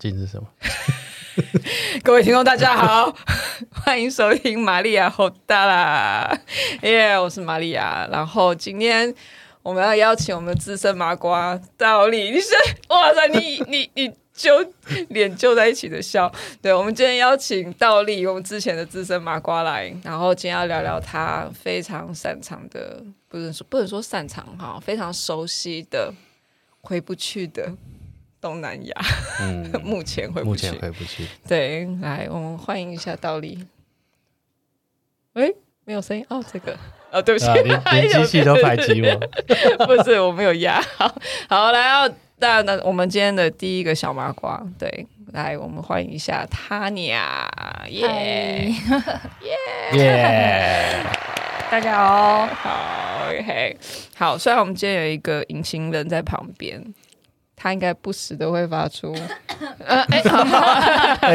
是什麼？ 各位聽眾，大家好， 歡迎收聽《瑪利亞好大啦》，耶！我是瑪利亞。然後今天我們要邀請我們的資深麻瓜倒立，你是哇塞！你你你，你就臉揪在一起的笑。對，我們今天邀請倒立，用之前的資深麻瓜來。然後今天要聊聊他非常擅長的，不能說，不能說擅長哈，非常熟悉的回不去的。東南亞、嗯，目前回不去。回不去。對，來，我們歡迎一下倒立。哎、欸，沒有聲音哦。這個，哦，對不起，連機、呃、器都排擠我。 不是，我沒有壓好。好，來哦，那那我們今天的第一個小麻瓜。對，來，我們歡迎一下 Tania。耶耶！大家好，Hi 好，OK，好。雖然我們今天有一個隱形人在旁邊。他應該不時的會發出，哎，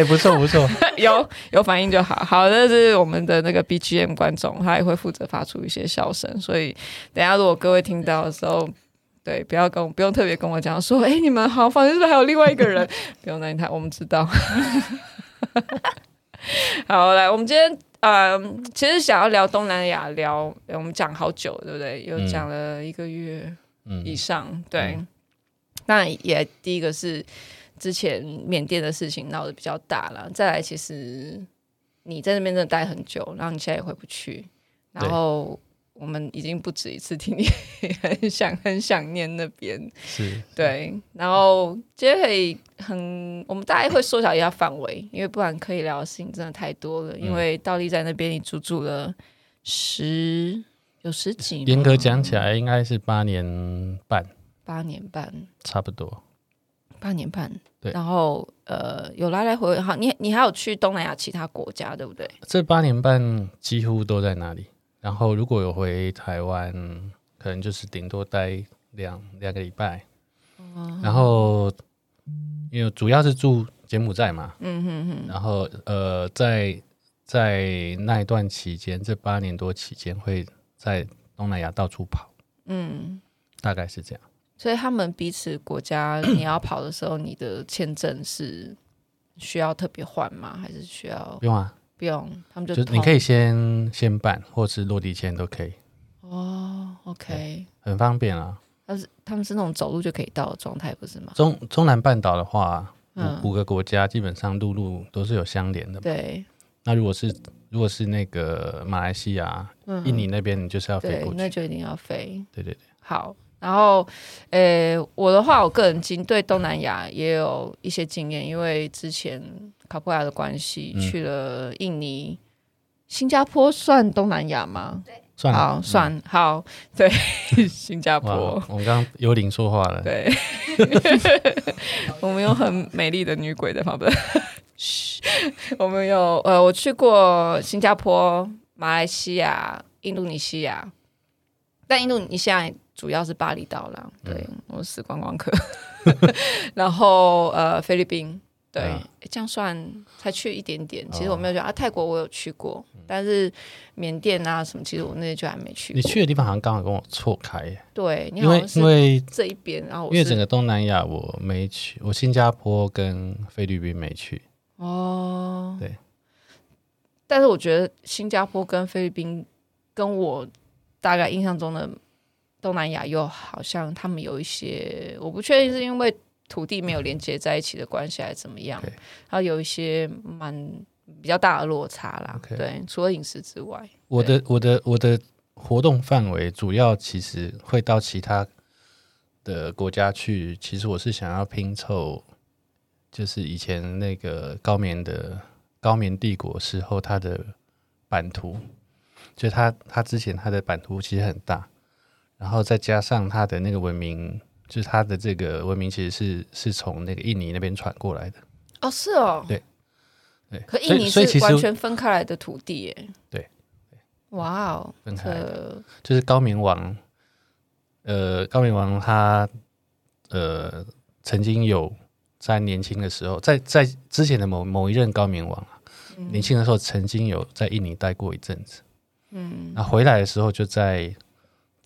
不錯不錯，有有反應就好。好，這是我們的那個 B G M 觀眾，他也會負責發出一些笑聲。所以，等一下如果各位聽到的時候，對，不要跟我，不用特別跟我講說，哎、欸，你們好，反正是，是還有另外一個人？ 不用擔心他，我們知道。 好，來，我們今天嗯、呃，其實想要聊東南亞，聊我們講好久，對不對？嗯、又講了一個月以上，嗯、對。嗯那也第一個是之前緬甸的事情鬧得比較大了，再來其實你在那邊真的待很久，然後你現在也回不去，然後我們已經不止一次聽你很想很想念那邊，是，對，然後今天可以很，我們大概會縮小一下範圍，因為不然可以聊的事情真的太多了，嗯、因為倒立在那邊你住住了十有十幾年，嚴格講起來應該是八年半。八年半，差不多，八年半。對，然後呃，有來來回回好，你你還有去東南亞其他國家，對不對？這八年半幾乎都在哪裡？然後如果有回台灣，可能就是頂多待兩兩個禮拜。嗯、哦，然後因為主要是住柬埔寨嘛，嗯哼,哼。然後呃，在在那一段期間，這八年多期間會在東南亞到處跑，嗯，大概是這樣。所以他們彼此國家，你要跑的時候，你的簽證是需要特別換嗎？還是需要？不用啊，不用，他們就，就你可以先先辦，或是落地簽都可以。哦，OK，很方便啊。但是他們是那種走路就可以到的狀態，不是嗎？中中南半島的話，五、嗯、五個國家基本上陸路都是有相連的嘛。對，那如果是如果是那個馬來西亞、嗯、印尼那邊，你就是要飛過去，對，那就一定要飛。對對對，好。然後，呃，我的話，我個人經對東南亞也有一些經驗，因為之前卡布亞的關係去了印尼、新加坡，算東南亞嗎？對算了，好，嗯、算，好，對。新加坡，我們剛剛有靈說話了。對， 我們有很美麗的女鬼在旁邊。噓， 我們有，呃，我去過新加坡、馬來西亞、印度尼西亞，但印度尼西亞。主要是巴厘島啦，對、嗯、我是觀光客， 然後呃菲律賓，對、啊欸、這樣算才去一點點。其實我沒有覺得，哦、啊，泰國我有去過，但是緬甸啊什麼，其實我那些就還沒去。你去的地方好像剛好跟我錯開。對，因，因為因為這一邊，然後因為整個東南亞我沒去，我新加坡跟菲律賓沒去。哦，對，但是我覺得新加坡跟菲律賓跟我大概印象中的。東南亞又好像他們有一些，我不確定是因為土地沒有連接在一起的關係，還是怎麼樣？然後、嗯 okay. 有一些蠻比較大的落差啦。Okay. 對，除了飲食之外，我的對我的我的活動範圍主要其實會到其他的國家去。其實我是想要拼湊，就是以前那個高棉的高棉帝國時候它的版圖，就他他之前他的版圖其實很大，然後再加上他的那個文明，就是他的這個文明其實是是從那個印尼那邊傳過來的。哦，是哦。對，對。可印尼是所以其實完全分開來的土地耶，哎。對。哇哦，分開來的。這就是高棉王，呃，高棉王他呃曾經有在年輕的時候，在在之前的某某一任高棉王，啊嗯、年輕的時候，曾經有在印尼待過一陣子。嗯。那回來的時候就在。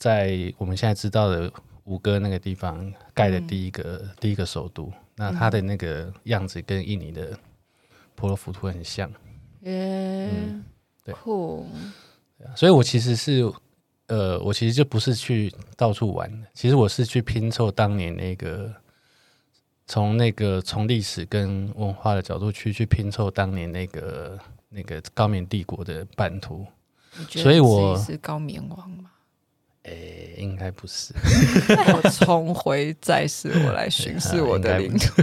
在我們現在知道的吳哥那個地方蓋的第一個、嗯、第一個首都，嗯、那它的那個樣子跟印尼的婆羅浮屠很像。耶、嗯，嗯、酷。對，所以我其實是，呃，我其實就不是去到處玩，其實我是去拼湊當年那個，從那個從歷史跟文化的角度去去拼湊當年那個那個高棉帝國的版圖。所以我是高棉王哎、欸，應該不是。 我重回再世，我來巡視我的領土。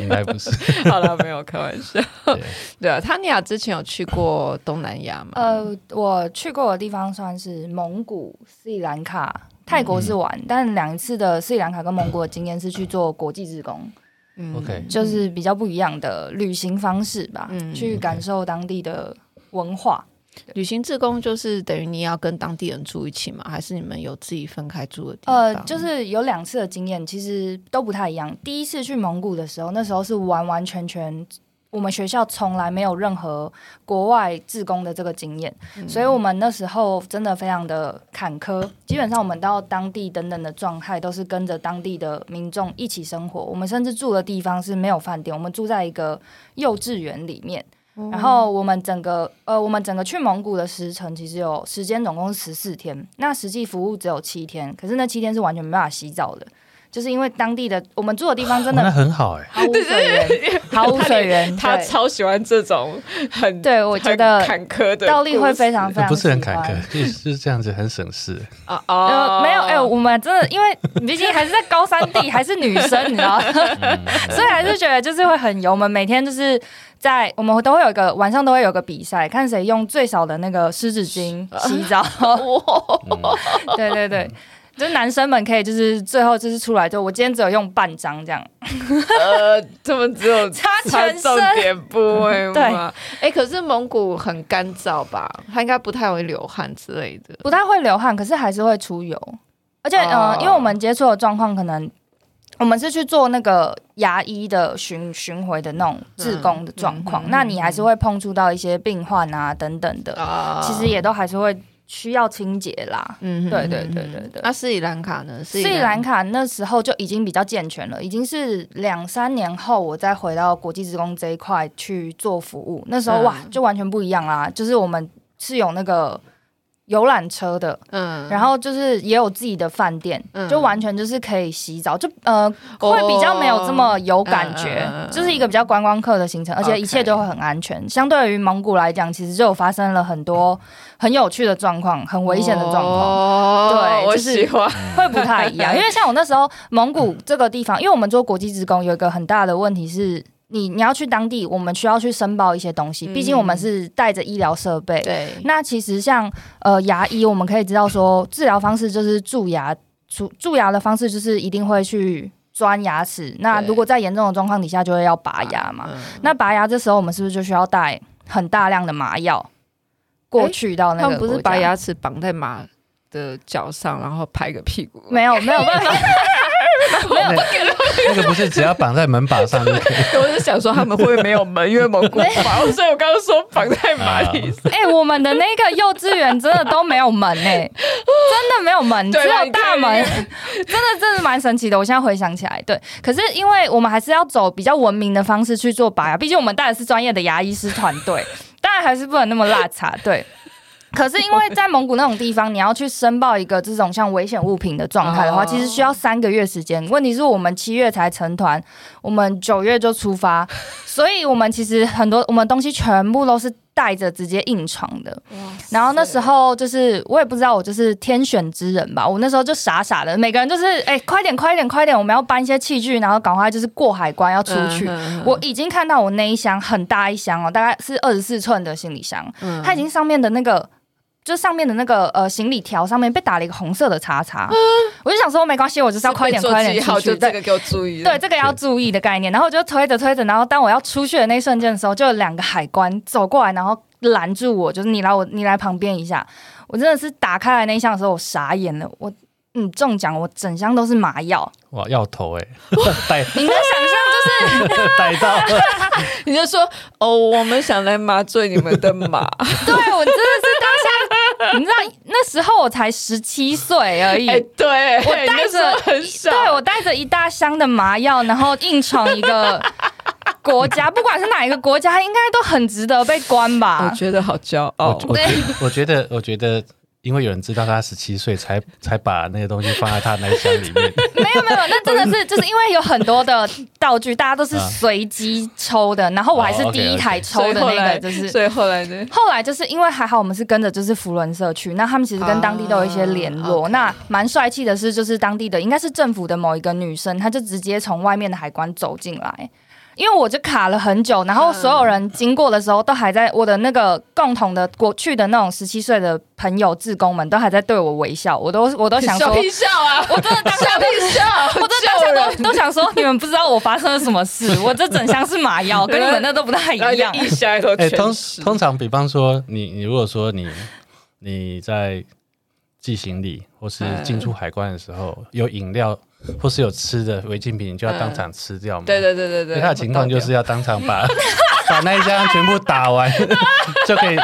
應該不是。 好了，沒有開玩笑。Yeah. 對啊，Tania 之前有去過東南亞嘛？呃，我去過的地方算是蒙古、斯里蘭卡、泰國是玩，嗯嗯，但兩次的斯里蘭卡跟蒙古的經驗是去做國際志工。嗯 Okay. 就是比較不一樣的旅行方式吧，嗯、去感受當地的文化。對旅行志工，就是等於你要跟當地人住一起嗎？還是你們有自己分開住的地方？呃，就是有兩次的經驗，其實都不太一樣。第一次去蒙古的時候，那時候是完完全全我們學校從來沒有任何國外志工的這個經驗，嗯，所以我們那時候真的非常的坎坷。基本上我們到當地等等的狀態都是跟着當地的民眾一起生活，我們甚至住的地方是沒有飯店，我們住在一個幼稚園裡面。然後我們整個呃，我們整個去蒙古的時程其實有時間總共是十四天，那實際服務只有七天，可是那七天是完全沒辦法洗澡的，就是因為當地的我們住的地方真的，哦，那很好哎、欸，毫無水源，是毫無水源。他，連對他超喜歡這種很，對我覺得坎坷的倒立會非常非常、呃、不是很坎坷，就是，就是這樣子很省事啊、 呃、沒有哎、欸，我們真的因為畢竟還是在高山地， 還是女生，你知道，嗯、 所以還是覺得就是會很油，我們每天就是。在我們都會有一個晚上，都會有一個比賽，看誰用最少的那個濕紙巾洗澡。 對，對對對，就是男生們可以，就是最後就是出來就我今天只有用半張這樣。 呃，怎麼只有擦擦擦重點部位嗎、嗯？對，哎、欸，可是蒙古很乾燥吧？它應該不太容易流汗之類的，不太會流汗，可是還是會出油，而且嗯、oh. 呃，因為我們接觸的狀況可能。我們是去做那個牙醫的巡巡回的那種志工的狀況，嗯嗯嗯、那你還是會碰觸到一些病患啊等等的，哦、其實也都還是會需要清潔啦。嗯哼，對,對對對對對。那、啊、斯里蘭卡呢？斯里蘭,蘭卡那時候就已經比較健全了，已經是兩三年後我再回到國際志工這一塊去做服務，那時候哇，嗯、就完全不一樣啦。就是我們是有那個。遊覽車的，嗯，然後就是也有自己的飯店，嗯、就完全就是可以洗澡，就呃，會比較沒有這麼有感覺，哦嗯嗯、就是一個比較觀光客的行程，嗯、而且一切都會很安全。Okay. 相對於蒙古來講，其實就發生了很多很有趣的狀況，很危險的狀況，哦、對，我喜歡，就是會不太一樣。 因為像我那時候蒙古這個地方，因為我們做國際職工有一個很大的問題是。你你要去當地，我們需要去申報一些東西。嗯、畢竟我們是帶着醫療設備。對。那其實像呃牙醫，我們可以知道說，治療方式就是蛀牙，蛀蛀牙的方式就是一定會去鑽牙齒。對那如果在嚴重的狀況底下，就會要拔牙嘛。啊嗯、那拔牙這時候，我們是不是就需要帶很大量的麻藥過去到那個、欸？他們不是把牙齒綁在馬的腳上，嗯、然後拍個屁股？沒有，沒有辦法。 沒有，那個不是只要綁在門把上？我是想說他們，會不會沒有門？因為蒙古包，所以我剛剛說綁在馬蹄上。哎，我們的那個幼稚園真的都沒有門，真的沒有門，只有大門，真的真的蠻神奇的。我現在回想起來，對，可是因為我們還是要走比較文明的方式去做拔牙，畢竟我們帶的是專業的牙醫師團隊，當然還是不能那麼邋遢對。可是因為在蒙古那種地方，你要去申報一個這種像危險物品的狀態的話，其實需要三個月時間。問題是我們七月才成團，我們九月就出發，所以我們其實很多我們東西全部都是帶着直接硬闖的。然後那時候就是我也不知道，我就是天選之人吧，我那時候就傻傻的，每個人就是哎、欸、快點快點快點，我們要搬一些器具，然後趕快就是過海關要出去。嗯嗯嗯、我已經看到我那一箱很大一箱哦、喔，大概是二十四寸的行李箱，嗯、它已經上面的那個。就上面的那個呃行李條上面被打了一個紅色的叉叉，嗯、我就想說沒關係，我就是要快點快點出去好，就這個給我注意，對，對這個要注意的概念。然後我就推着推着，然後當我要出去的那一瞬間的時候，就有兩個海關走過來，然後攔住我，就是你來我你來旁邊一下。我真的是打開來那一箱的時候，我傻眼了，我嗯中獎，我整箱都是麻藥哇藥頭哎、欸， 你們想象就是 逮到 你就說哦我們想來麻醉你們的麻。 對我真的是當下。 你知道那時候我才十七歲而已，對我帶着，對我帶着、欸、一大箱的麻藥，然後硬闖一個國家， 不管是哪一個國家，應該都很值得被關吧？我覺得好驕傲。我，我覺得，我覺得。 因為有人知道他十七歲才，才才把那些東西放在他那箱裡面。 沒有沒有，那真的是就是因為有很多的道具，大家都是隨機抽的。啊、然後我還是第一台抽的那個，就是、哦 okay, okay. 所。所以後來呢。後來就是因為還好我們是跟着就是扶輪社去，那他們其實跟當地都有一些聯絡。啊、那蠻帥氣的是，就是當地的應該是政府的某一個女生，她就直接從外面的海關走進來。因為我就卡了很久，然後所有人經過的時候都還在、嗯、我的那個共同的過去的那種十七歲的朋友、志工們都還在對我微笑，我都我都想說小屁笑啊！我真的當下微笑，我真的當下都都想說，你們不知道我發生了什麼事，我這整箱是麻藥， 跟你們那都不太一樣。一箱，哎，通通常比方說，你你如果說你你在。寄行李或是進出海關的時候，有飲料或是有吃的違禁品，就要當場吃掉嘛。對、嗯、對對對對，他的情況就是要當場把打 把那一箱全部打完， 就可以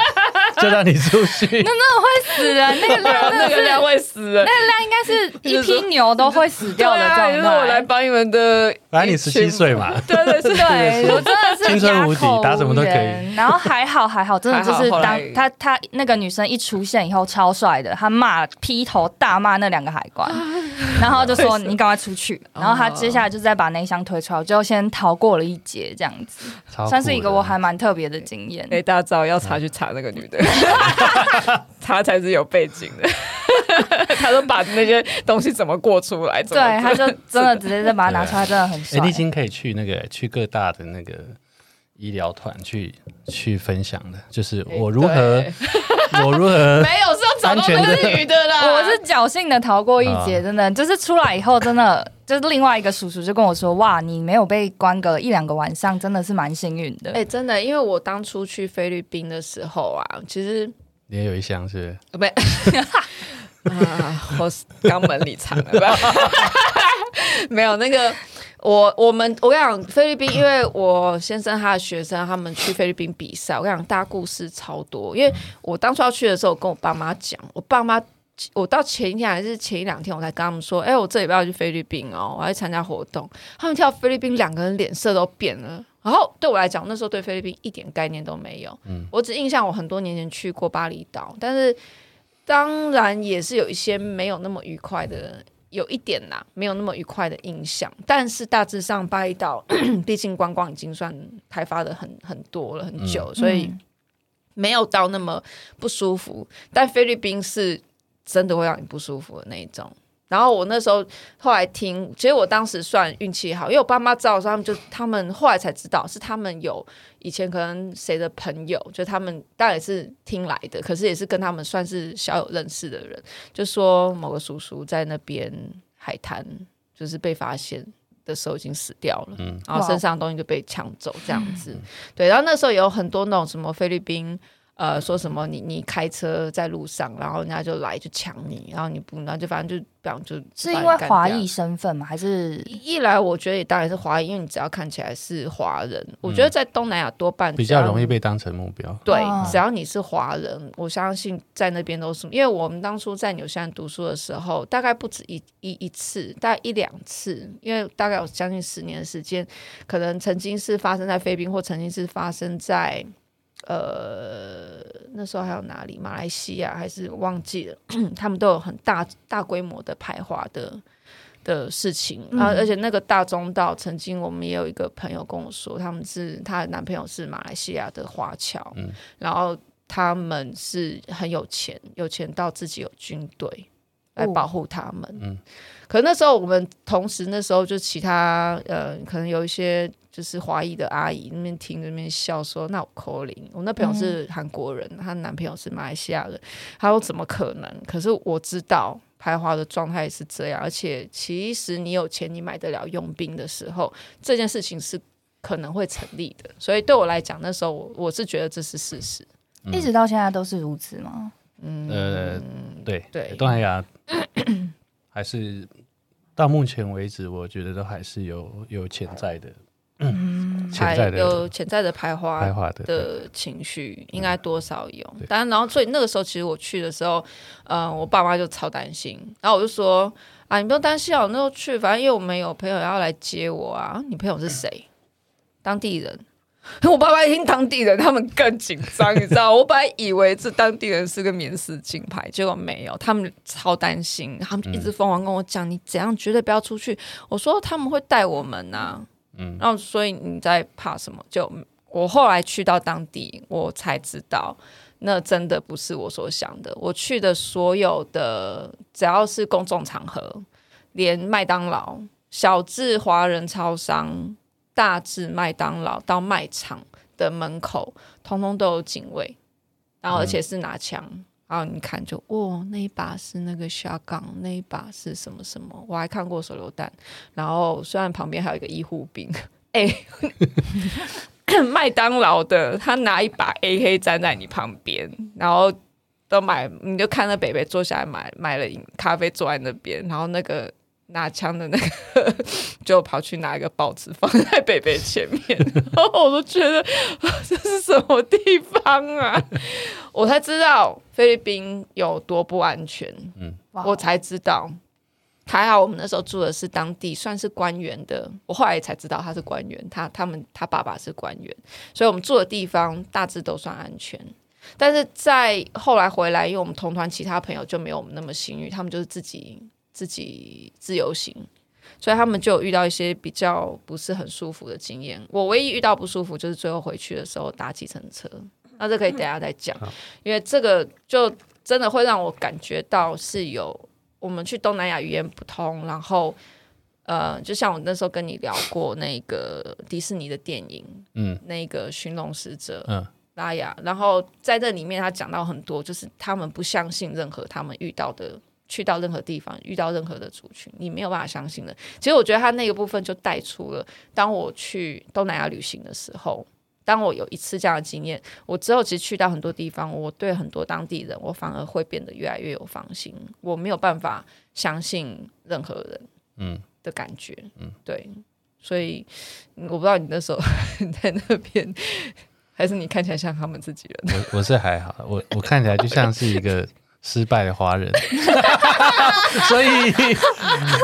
就讓你出去。那那會。死人，那個量，那個量會死人，那個量應該是一批牛都會死掉的狀況。那、啊、我來幫你們的，反正你十七歲嘛， 對對對，對對我真的是青春無敵，打什麼都可以。然後還好還好，真的就是當他，他那個女生一出現以後，超帥的，他罵劈頭大罵那兩個海關， 然後就說你趕快出去。然後他接下來就再把那一箱推出來，我最後先逃過了一劫，這樣子，算是一個我還蠻特別的經驗。沒、欸、大招要查去查那個女的， 查才是。有背景的， 他都把那些東西怎麼過出來？ 對，他就真的直接就把它拿出來， 對真的很帥。李晶、欸、可以去那個去各大的那個醫療團去去分享的，就是我如何、欸、我如何沒有是安全的， 的啦。 我是僥倖的逃過一劫，真的就是出來以後，真的就是另外一個叔叔就跟我說：“哇，你沒有被關個一兩個晚上，真的是蠻幸運的。”哎、欸，真的，因為我當初去菲律賓的時候啊，其實。你也有一箱是,是？不， 啊，我肛門裡藏了。 沒有那個，我我們我跟你講，菲律賓，因為我先生他的學生他們去菲律賓比賽，我跟你講大故事超多。因為我當初要去的時候，我跟我爸媽講，我爸媽，我到前一天還是前一兩天，我才跟他們說，哎、欸，我這禮拜要去菲律賓哦，我要去參加活動。他們聽到菲律賓，兩個人臉色都變了。然後、oh, 對我來講，那時候對菲律賓一點概念都沒有。嗯、我只印象我很多年前去過巴厘島，但是當然也是有一些沒有那麼愉快的，有一點啦、啊，沒有那麼愉快的印象。但是大致上巴厘島， 畢竟觀光已經算開發的很很多了，很久，嗯、所以沒有到那麼不舒服。但菲律賓是真的會讓你不舒服的那一種。然後我那時候後來聽，其實我當時算運氣好，因為我爸媽知道，他們就他們後來才知道是他們有以前可能誰的朋友，就他們當然是聽來的，可是也是跟他們算是小有認識的人，就說某個叔叔在那邊海灘就是被發現的時候已經死掉了，嗯。然後身上的東西就被搶走這樣子，嗯。對，然後那時候有很多那種什麼菲律賓。呃，說什麼？你你開車在路上，然後人家就來就搶你，然後你不，然後就反正就，這樣就是因為華裔身份嗎？還是一來？我覺得也當然是華裔，因為你只要看起來是華人，嗯、我覺得在東南亞多半比較容易被當成目標。對，只要你是華人，哦、我相信在那邊都是。因為我們當初在紐西蘭讀書的時候，大概不止一一一次，大概一兩次，因為大概我相信十年的時間，可能曾經是發生在菲律賓，或曾經是發生在。呃，那時候還有哪裡？馬來西亞還是忘記了， 他們都有很大大規模的排華的的事情。然後，嗯哼啊，而且那個大中道，曾經我們也有一個朋友跟我說，他們是她的男朋友是馬來西亞的華僑，嗯、然後他們是很有錢，有錢到自己有軍隊。來保護他們。嗯，可是那時候我們同時，那時候就其他呃，可能有一些就是華裔的阿姨那邊聽那邊笑說：“那我 call in 我那朋友是韓國人，她、嗯、男朋友是馬來西亞人，她說怎麼可能？”可是我知道排華的狀態是這樣，而且其實你有錢，你買得了傭兵的時候，這件事情是可能會成立的。所以對我來講，那時候我我是覺得這是事實，嗯、一直到現在都是如此嗎？嗯、呃、對對東南亞 還是到目前為止，我覺得都還是有有潛在的，嗯，潛在的還有潛在的排華排華的情緒的應該多少有。當然、嗯、然後所以那個時候，其實我去的時候，呃，我爸媽就超擔心。然後我就說啊，你不用擔心啊，我那時候去，反正因為我們有朋友要來接我啊。你朋友是誰？ 當地人。我爸爸一聽，當地人，他們更緊張，你知道。 我本來以為這當地人是個免死金牌，結果沒有，他們超擔心，他們一直瘋狂跟我講：“嗯、你怎樣絕對不要出去。”我說：“他們會帶我們啊。”嗯，然後所以你在怕什麼？就我後來去到當地，我才知道，那真的不是我所想的。我去的所有的只要是公眾場合，連麥當勞、小智華人超商。大致麥當勞到賣場的門口，通通都有警衛，然後而且是拿槍。嗯、然後你看就，就哦，那一把是那個小崗，那一把是什麼什麼？我還看過手榴彈。然後雖然旁邊還有一個醫護兵，誒、哎， 麥當勞的他拿一把 AK 站在你旁邊，然後都買，你就看着北北坐下來買買了咖啡，坐在那邊，然後那個。拿槍的那個 就跑去拿一個報紙放在北北前面，然後我都覺得這是什麼地方啊？我才知道菲律賓有多不安全。嗯，我才知道，還好我們那時候住的是當地算是官員的。我後來也才知道他是官員，他他們他爸爸是官員，所以我們住的地方大致都算安全。但是在後來回來，因為我們同團其他朋友就沒有我們那麼幸運，他們就是自己。自己自由行，所以他們就遇到一些比較不是很舒服的經驗。我唯一遇到不舒服就是最後回去的時候打計程車，那這可以等下再講，好因為這個就真的會讓我感覺到是有我們去東南亞語言不通，然後呃，就像我那時候跟你聊過那個迪士尼的電影，嗯，那個尋龍使者，嗯，拉雅，然後在這裡面他講到很多，就是他們不相信任何他們遇到的。去到任何地方，遇到任何的族群，你沒有辦法相信的。其實我覺得他那個部分就帶出了，當我去東南亞旅行的時候，當我有一次這樣的經驗，我之後其實去到很多地方，我對很多當地人，我反而會變得越來越有防心，我沒有辦法相信任何人。嗯的感覺，嗯，嗯對，所以我不知道你那時候 在那邊，還是你看起來像他們自己人？我我是還好，我我看起來就像是一個。失敗的華人， 所以，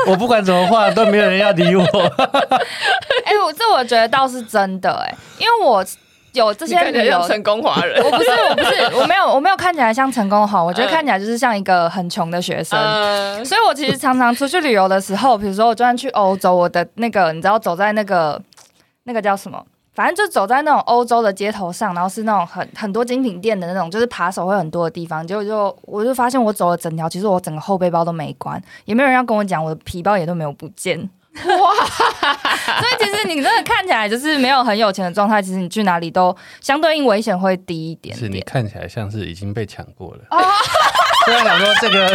我不管怎麼話都沒有人要理我。哎、 欸，我這我覺得倒是真的哎、欸，因為我有這些沒有成功華人 我，我不是我不是我沒有我沒有看起來像成功好，我覺得看起來就是像一個很窮的學生。嗯、所以，我其實常常出去旅遊的時候，比如說我昨天去歐洲，我的那個你知道走在那個那個叫什麼？反正就走在那種歐洲的街頭上，然後是那種很很多精品店的那種，就是扒手會很多的地方。結果就就我就發現我走了整條，其實我整個後背包都沒關，也沒有人要跟我講，我的皮包也都沒有不見。哇！ 所以其實你真的看起來就是沒有很有錢的狀態，其實你去哪裡都相對應危險會低一點點。是，你看起來像是已經被搶過了。哦哈哈想說這個，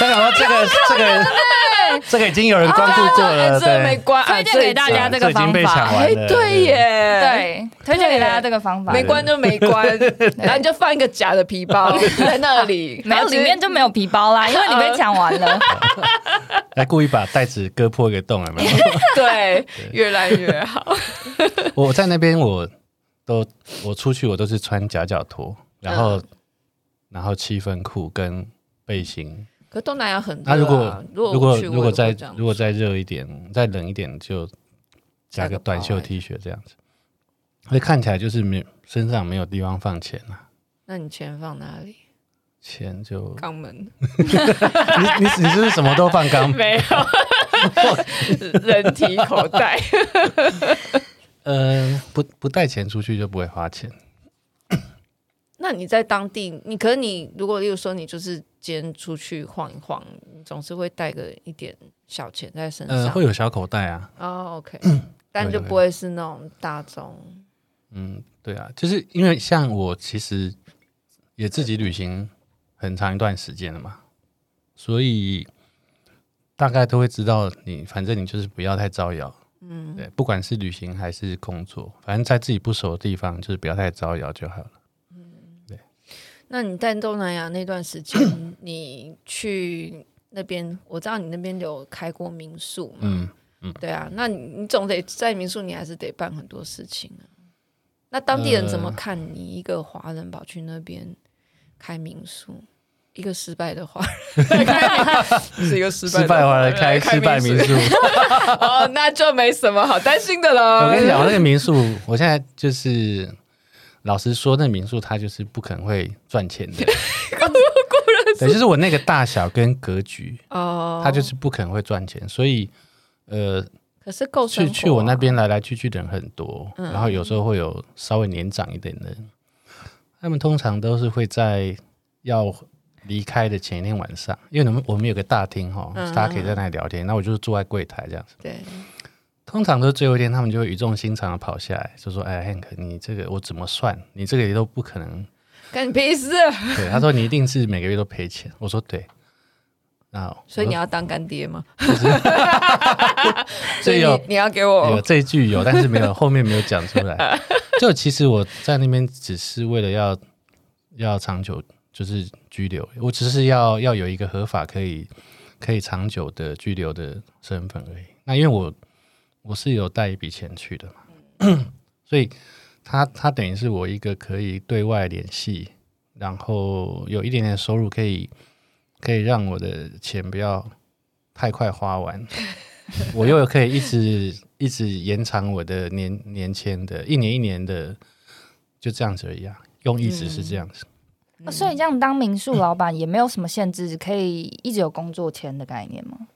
他想 說這個這個。 這個已經有人關注過了，這沒關。推薦給大家這個方法，哎，對耶，對，推薦給大家這個方法，沒關就沒關，然後你就放一個假的皮包在那裡，然後裡面就沒有皮包啦，因為你被搶完了。來故意把袋子割破一個洞，有沒有？對，越來越好。我在那邊，我都我出去，我都是穿夾腳拖，然後然後七分褲跟背心。東南亞很熱、啊。那、啊、如果如果如果再如果再熱一點，嗯、再冷一點，就加個短袖 T 恤這樣子。那看起來就是沒身上沒有地方放錢啊，那你錢放哪裡？錢就肛門。 你你你是不是什麼都放肛門？沒有， 人體口袋。嗯 呃，不不帶錢出去就不會花錢。那你在當地，你可能你如果，又說你就是今天出去晃一晃，總是會帶個一點小錢在身上，呃，會有小口袋啊。哦、oh,，OK， 但就不會是那種大眾。嗯，對啊，就是因為像我其實也自己旅行很長一段時間了嘛，對所以大概都會知道你，反正你就是不要太招搖。嗯，對，不管是旅行還是工作，反正在自己不熟的地方，就是不要太招搖就好了。那你在東南亞那段時間，你去那邊，我知道你那邊有開過民宿，嗯，嗯對啊，那你總得在民宿，你還是得辦很多事情啊。那當地人怎麼看你一個華人跑去那邊開民宿？呃、一個失敗的華人，是一個失敗失敗華人開失敗民宿， 哦，那就沒什麼好擔心的了。欸，我跟你講，我那個民宿，我現在就是。老實說，那民宿它就是不可能會賺錢的。 數對，就是我那個大小跟格局，哦，它就是不可能會賺錢。所以，呃，可是，啊，去去我那邊來來去去的人很多，嗯、然後有時候會有稍微年長一點的人，他們通常都是會在要離開的前一天晚上，因為我們我們有個大廳哈、哦，大家可以在那裡聊天。嗯、那我就是坐在櫃檯這樣子。對。通常都是最後一天，他們就會語重心長的跑下來，就說：“哎，Hank 你這個我怎麼算？你這個也都不可能。”干屁事對，他說：“你一定是每個月都賠錢。”我說：“對。”那所以你要當乾爹嗎？所以你，你，你要給我有這一句有，但是沒有後面沒有講出來。就其實我在那邊只是為了要要長久，就是居留，我只是要要有一個合法可以可以長久的居留的身份而已。那因為我。我是有帶一筆錢去的嘛，嗯、所以他他等於是我一個可以對外聯繫，然後有一點點收入，可以可以讓我的錢不要太快花完， 我又可以一直一直延長我的年年簽的，一年一年的就這樣子而已啊，用一直是這樣子。嗯嗯、所以這樣當民宿老闆也沒有什麼限制，嗯、可以一直有工作簽的概念嗎？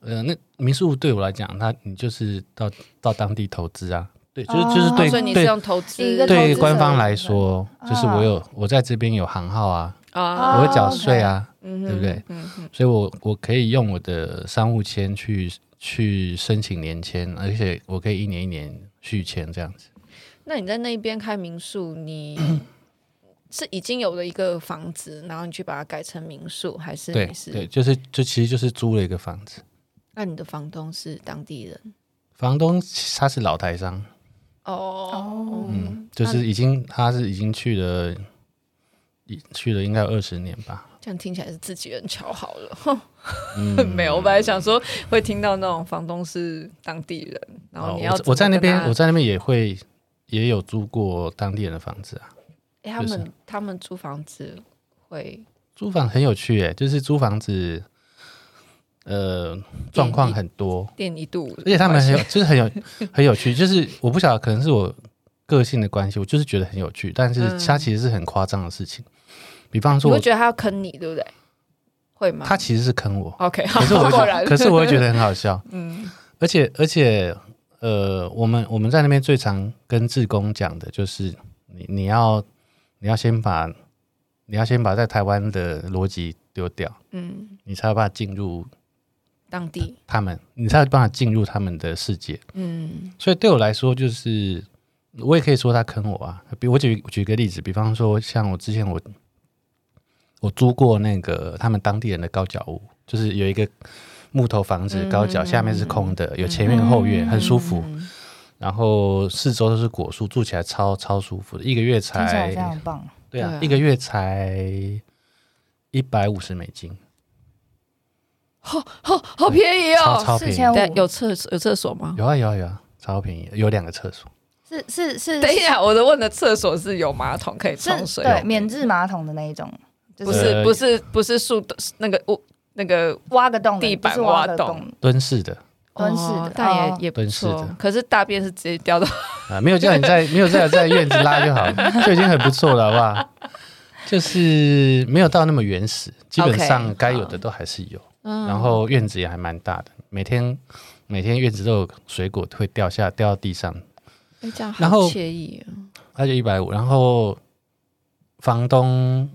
呃，那民宿對我來講，他你就是到到當地投資啊，對，哦、就是就是對、哦、所以你是用投資。對，投資對官方來說，哦、就是我有、哦、我在這邊有行號啊，哦、我有繳稅啊，哦 okay、對不對？嗯嗯嗯、所以我我可以用我的商務簽去去申請年簽，而且我可以一年一年續簽這樣子。那你在那邊開民宿，你是已經有了一個房子，然後你去把它改成民宿，還是，是對對，就是就其實就是租了一個房子。那你的房東是當地人？房東他是老台商哦，oh, 嗯，就是已經、啊、他是已經去了，已去了應該有二十年吧。這樣聽起來是自己人瞧好了，哼 嗯，沒有，我本來想說會聽到那種房東是當地人，哦、然後你要我在那邊，我在那邊也會也有租過當地人的房子啊。誒他們、就是、他們租房子會租房很有趣，耶，就是租房子。呃，狀況很多電，電一度，而且他們很有，就是很有很有趣。就是我不曉得，可能是我個性的關係，我就是覺得很有趣。但是他其實是很誇張的事情，嗯、比方說我，我覺得他要坑你，對不對？會嗎？他其實是坑我。OK，可是我覺，然可是我覺得很好笑。嗯，而，而且而且呃，我們我們在那邊最常跟志工講的就是，你你要你要先把你要先把在台灣的邏輯丟掉，嗯，你才有辦法進入。當地他們，你才有辦法進入他們的世界。嗯，所以對我來說，就是我也可以說他坑我啊。比，我舉舉個例子，比方說像我之前我我租過那個他們當地人的高腳屋，就是有一個木頭房子高，高腳、嗯嗯嗯嗯、下面是空的，有前院後院，嗯嗯嗯嗯嗯很舒服。然後四周都是果樹，住起來超超舒服的，一個月才，對啊，對啊，一個月才一百五十美金。好，好，好便宜哦！超便宜，四千五，有廁有廁所嗎？有啊，有啊，有啊，超便宜，有兩個廁所。是是是，等一下，我都問了，廁所是有馬桶可以沖水，對，免治馬桶的那一種，不是不是不是樹的那個屋，那個挖個洞，地板挖洞蹲式的蹲式的，但也也蹲式的，可是大便是直接掉到啊，沒有叫你在沒有叫你在院子拉就好，就已經很不錯了，好不好？就是沒有到那麼原始，基本上該有的都還是有。嗯、然後院子也還蠻大的，每天每天院子都有水果會掉下掉到地上，欸、這樣很愜意啊，然後他就一百五，然後房東、嗯、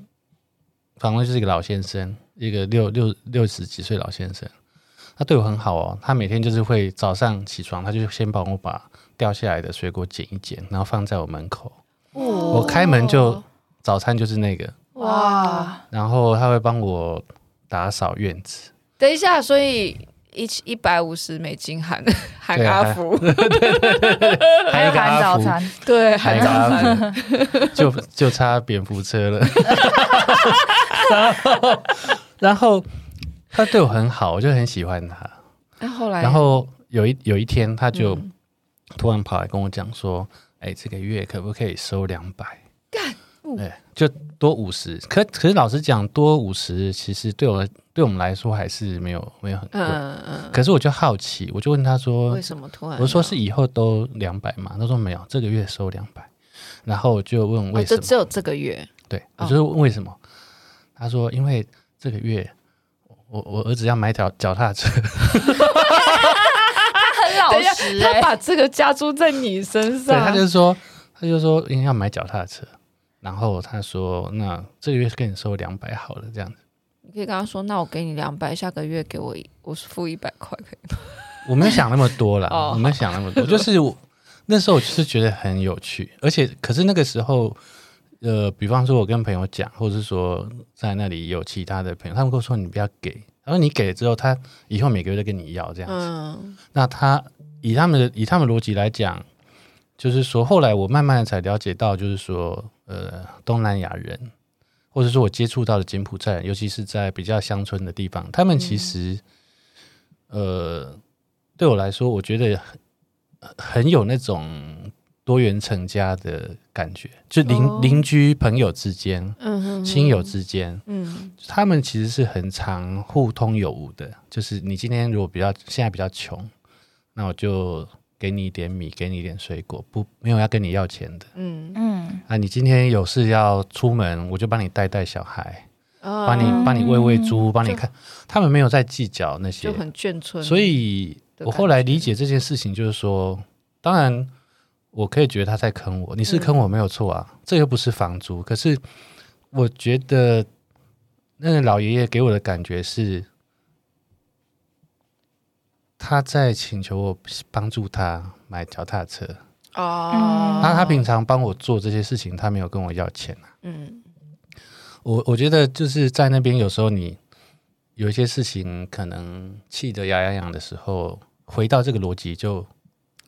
房東就是一個老先生，一個六六六十幾歲老先生，他對我很好哦。他每天就是會早上起床，他就先幫我把掉下來的水果撿一撿，然後放在我門口。哦、我開門就早餐就是那個哇，然後他會幫我打掃院子。等一下，所以一一百五十美金含含阿福， 福還要含早餐，對，還含早餐，就就差蝙蝠車了。 然後，然後他對我很好，我就很喜歡他。然後、啊、後來，然後有一有一天，他就突然跑來跟我講說：“哎、嗯欸，這個月可不可以收兩百？”對，就多五十，可可是老實講，多五十其實對我對我們來說還是沒有沒有很多、嗯。嗯嗯。可是我就好奇，我就問他說：“為什麼突然？”我說：“是以後都兩百嘛？”他說：“沒有，這個月收兩百。”然後我就問為什麼、哦、只有這個月？對，哦、我就問為什麼？他說：“因為這個月我我兒子要買腳腳踏車。 ” 他很老實、欸，他把這個加注在你身上。對，他就說，他就說應該要買腳踏車。然後他說：“那這個月是跟你收兩百好了，這樣子。”你可以跟他說：“那我給你兩百，下個月給我，我是付一百塊，可以嗎？”我沒有想那麼多啦， 哦、我沒有想那麼多， 就是我那時候我就是覺得很有趣，而且可是那個時候，呃，比方說我跟朋友講，或者是說在那裡有其他的朋友，他們跟我說：“你不要給。”他說：“你給了之後，他以後每個月都跟你要這樣子。”嗯，那他以他們的以他們的邏輯來講。就是說，後來我慢慢地才了解到，就是說，呃，東南亞人，或者說我接觸到的柬埔寨人，尤其是在比較鄉村的地方，他們其實，嗯、呃，對我來說，我覺得很很有那種多元成家的感覺，就鄰，哦，鄰居朋友之間，嗯，親友之間，嗯、他們其實是很常互通有無的。就是你今天如果比較現在比較窮，那我就。給你一點米，給你一點水果，不沒有要跟你要錢的。嗯嗯。啊，你今天有事要出門，我就幫你帶帶小孩，嗯、幫你幫你餵餵豬，嗯、幫你看。就他們沒有在計較那些，就很眷村。所以我後來理解這件事情，就是說，當然我可以覺得他在坑我，你是坑我，、嗯、我沒有錯啊，這又不是房租。可是我覺得，那個、老爺爺給我的感覺是。他在請求我幫助他買腳踏車哦，那、嗯、他平常幫我做這些事情，他沒有跟我要錢、啊、嗯，我我覺得就是在那邊有時候你有一些事情可能氣得牙癢癢的時候，回到這個邏輯就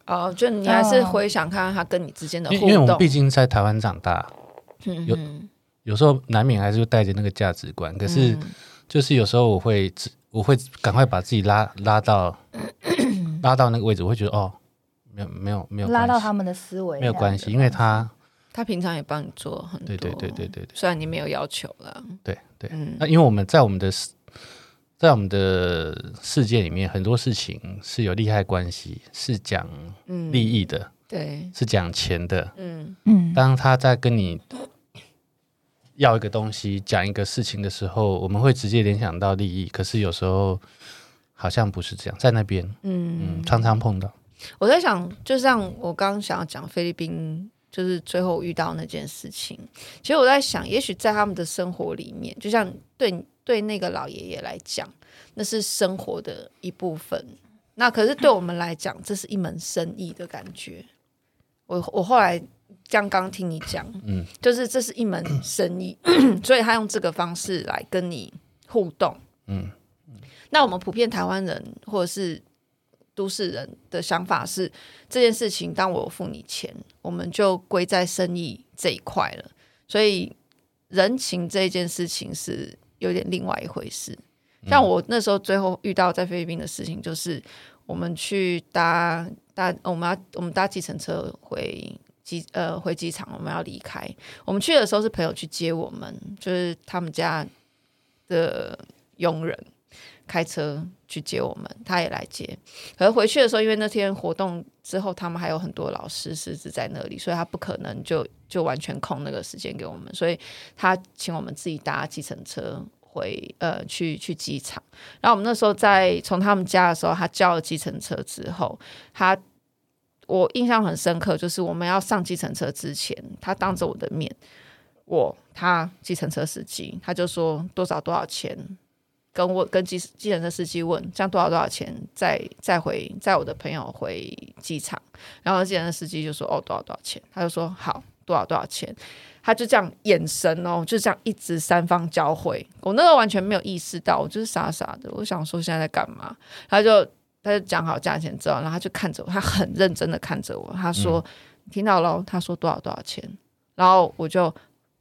哦，就你還是回想看看他跟你之間的互動。因為我們畢竟在台灣長大，嗯、哼有有時候難免還是會帶着那個價值觀。可是就是有時候我會。我會趕快把自己拉拉到拉到那個位置，我會覺得哦，沒有沒有沒有，沒有拉到他們的思維沒有關係，因為他他平常也幫你做很多，對對對對對對，雖然你沒有要求了，對對，嗯，那因為我們在我們的在我們的世界裡面很多事情是有利害關係，是講利益的，嗯，對，是講錢的，嗯嗯，當他在跟你。要一個東西，講一個事情的時候，我們會直接聯想到利益。可是有時候好像不是這樣，在那邊，嗯，嗯，常常碰到。我在想，就像我剛剛想要講菲律賓，就是最後遇到那件事情。其實我在想，也許在他們的生活裡面，就像對對那個老爺爺來講，那是生活的一部分。那可是對我們來講， 這是一門生意的感覺。我我後來。這樣，剛剛聽你講，嗯，就是這是一門生意， 所以他用這個方式來跟你互動，嗯。嗯，那我們普遍台灣人或者是都市人的想法是，這件事情當我有付你錢，我們就歸在生意這一塊了。所以人情這一件事情是有點另外一回事。嗯、像我那時候最後遇到在菲律賓的事情，就是我們去搭搭、哦，我們要我們搭計程車回。機呃，回機場，我們要離開。我們去的時候是朋友去接我們，就是他們家的傭人開車去接我們，他也來接。可是回去的時候，因為那天活動之後他們還有很多老師師資在那裡，所以他不可能就就完全空那個時間給我們，所以他請我們自己搭計程車回呃去去機場。然後我們那時候在從他們家的時候，他叫了計程車之後，他。我印象很深刻，就是我們要上計程車之前，他當着我的面，我他計程車司機他就說多少多少錢，跟我跟計計程車司機問，這樣多少多少錢，再再回載我的朋友回機場，然後計程車司機就說哦多少多少錢，他就說好多少多少錢，他就這樣眼神哦就這樣一直三方交匯，我那個完全沒有意識到，我就是傻傻的，我想說現在在幹嘛，他就。他就講好價錢之後，然後他就看着我，他很認真的看着我，他說：“嗯、你聽到了、哦，他說多少多少錢，然後我就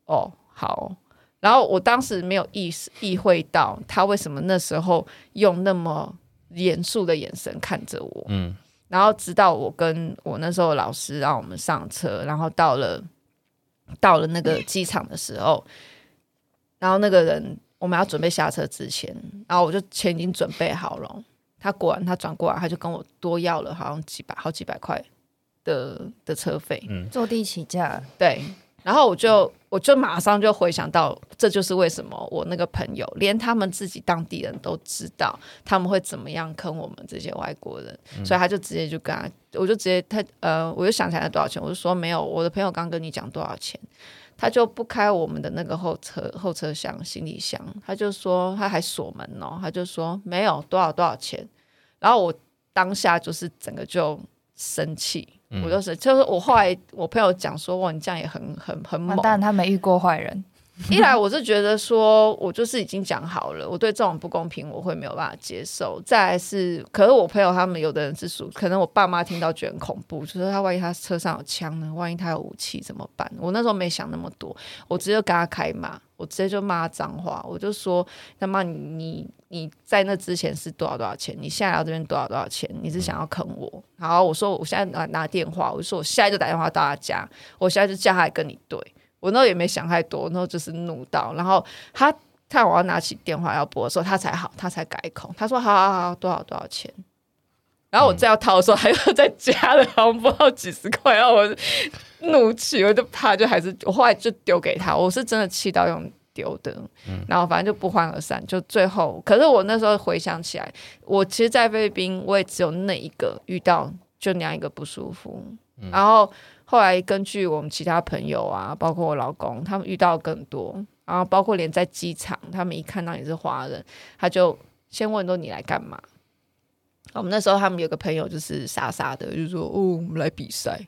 哦好，然後我當時沒有意意會到他為什麼那時候用那麼嚴肅的眼神看着我，嗯、然後直到我跟我那時候老師讓我們上車，然後到了到了那個機場的時候，然後那個人我們要準備下車之前，然後我就錢已經準備好了。他果然，他轉過來，他就跟我多要了好像幾百、好幾百塊的的車費，坐地起價。對，然後我就、嗯、我就馬上就回想到，這就是為什麼我那個朋友連他們自己當地人都知道他們會怎麼樣坑我們這些外國人，嗯、所以他就直接就跟他，我就直接他呃，我就想起來多少錢，我就說沒有，我的朋友剛跟你講多少錢，他就不開我們的那個後車後車廂行李箱，他就說他還鎖門哦、喔，他就說沒有多少多少錢。然後我當下就是整個就生氣，嗯、我就是就是我後來我朋友講說，哇，你這樣也很很很猛。但他沒遇過壞人。 一來我是覺得說，我就是已經講好了，我對這種不公平我會沒有辦法接受。再來是，可是我朋友他們有的人是屬，可能我爸媽聽到覺得很恐怖，就是他萬一他車上有槍呢？萬一他有武器怎麼辦？我那時候沒想那麼多，我直接就跟他開罵，我直接就罵他髒話，我就說他媽你。你你在那之前是多少多少錢？你現在要這邊多少多少錢？你是想要坑我？嗯、然後我說我現在拿拿電話，我就說我現在就打電話到他家，我現在就叫他來跟你對。我那時候也沒想太多，然後就是怒到，然後他看我要拿起電話要撥的時候，他才好，他才改口，他說好，好，好，多少多少錢。嗯、然後我再要掏的時候，還要再加了，好像不到幾十塊，然後我就怒氣，我就怕，就還是我後來就丟給他，我是真的氣到用。丟的，然後反正就不歡而散，就最後。可是我那時候回想起來，我其實，在菲律賓我也只有那一個遇到就那樣一個不舒服。嗯、然後後來根據我們其他朋友啊，包括我老公，他們遇到更多。然後包括連在機場，他們一看到你是華人，他就先問說你來幹嘛。我們那時候他們有個朋友就是傻傻的，就說哦我們來比賽，